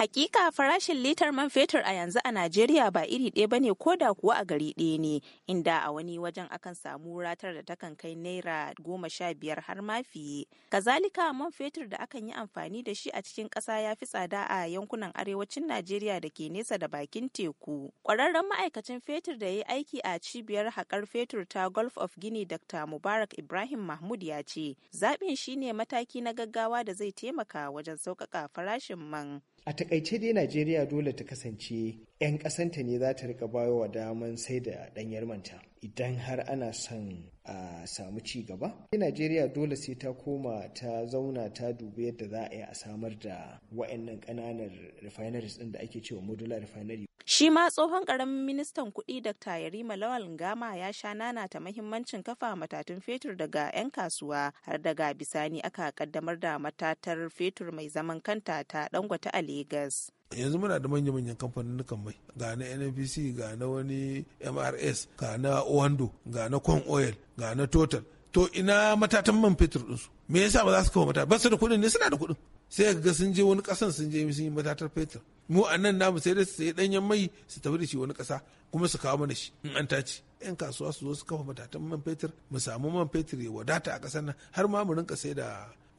Hakika farashin litar man fetur a yanzu a Najeriya ba iri ɗaya ba ne ko da kuwa a gari ɗaya ne, inda a wani wajen akan samu ratar da takan kai naira goma sha biyar har ma fiye. Kazalika man fetur da akan yi amfani da shi a cikin ƙasa ya fi tsada a yankunan arewacin Najeriya da ke nesa da bakin teku. Ƙwararren ma'aikacin fetur da ya yi aiki a cibiyar haƙar fetur ta Gulf of Guinea Dr. Mubarak Ibrahim Mahmud ya ce, zaɓin shi ne mataki na gaggawa da zai taimaka wajen sauƙaƙa farashin man. takaice dai najeriya dole ta kasance 'yan kasanta ne za ta rika bayowa daman sai da ɗanyar manta idan har ana son a samu ci gaba najeriya dole sai ta koma ta zauna ta dubi yadda za a yi a samar da wa'annan ƙananan refineries ɗin da ake cewa modular refinery Shi ma tsohon ƙaramin ministan kuɗi Dr. Yarima Lawal Ngama ya sha nanata mahimmancin kafa matatun fetur daga 'yan kasuwa har daga bisani aka kaddamar da matatar fetur mai zaman kanta ta dangwata a Legas. yanzu muna da manya-manyan kamfanin mai ga na nfc ga na wani mrs ga na wando ga na con oil ga na total to ina matatan man fetur ɗinsu me yasa ba za su kawo mata ba su da kuɗin ne suna da kuɗin sai ka ga sun je wani kasan sun je sun yi matatar fetur mu a nan namu sai dai su sayi danyen mai su tafi da shi wani kasa kuma su kawo mana shi in an tace yan kasuwa su zo su kafa matatan man fetur mu samu man fetur ya wadata a kasar nan har ma mu rinka sai da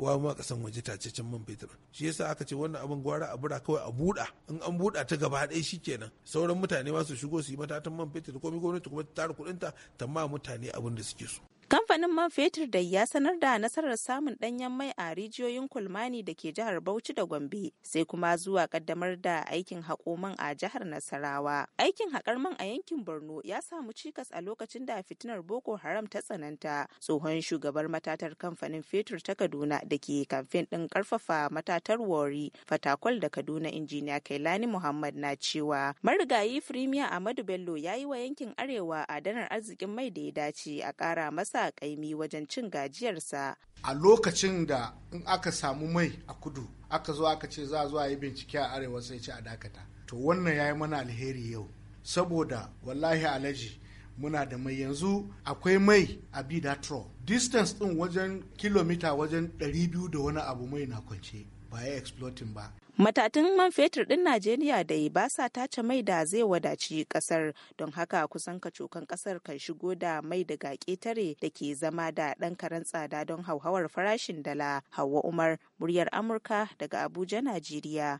wa ma kasan waje tacecen man fetur shi yasa aka ce wannan abin gwara a bura kawai a buɗa in an buɗa ta gaba ɗaya kenan sauran mutane ma su shigo su yi matatan man fetur komai gwamnati kuma ta tara kuɗinta ta ma mutane abin da suke so Kamfanin man fetur da ya sanar da nasarar samun ɗanyen mai a rijiyoyin Kulmani da ke jihar Bauchi da Gombe, sai kuma zuwa kaddamar da aikin haƙo man a jihar Nasarawa. Aikin haƙar man a yankin Borno ya samu cikas a lokacin da fitinar Boko Haram ta tsananta. Tsohon shugabar matatar kamfanin fetur ta Kaduna da ke kamfen ɗin ƙarfafa matatar Wari, Fatakwal da Kaduna injiniya Kailani Muhammad na cewa marigayi Firimiya Amadu Bello ya yi wa yankin Arewa adanar arzikin mai da ya dace a kara masa sa ƙaimi wajen cin gajiyarsa. A lokacin da in aka samu mai a kudu aka zo aka ce za a zo a yi bincike a arewa sai ce a dakata. To wannan ya yi mana alheri yau saboda wallahi alaji muna da mai yanzu akwai mai a bidatro distance ɗin wajen kilomita wajen 200 da wani abu mai na kwance ba ya exploiting ba Matatun man fetur ɗin Najeriya yi ba sa tace mai da zai wadaci ƙasar don haka kusan kacokan ƙasar kan shigo da mai daga ƙetare da ke zama da ɗan karen tsada don hauhawar farashin dala. Hauwa Umar, muryar Amurka daga Abuja, Najeriya.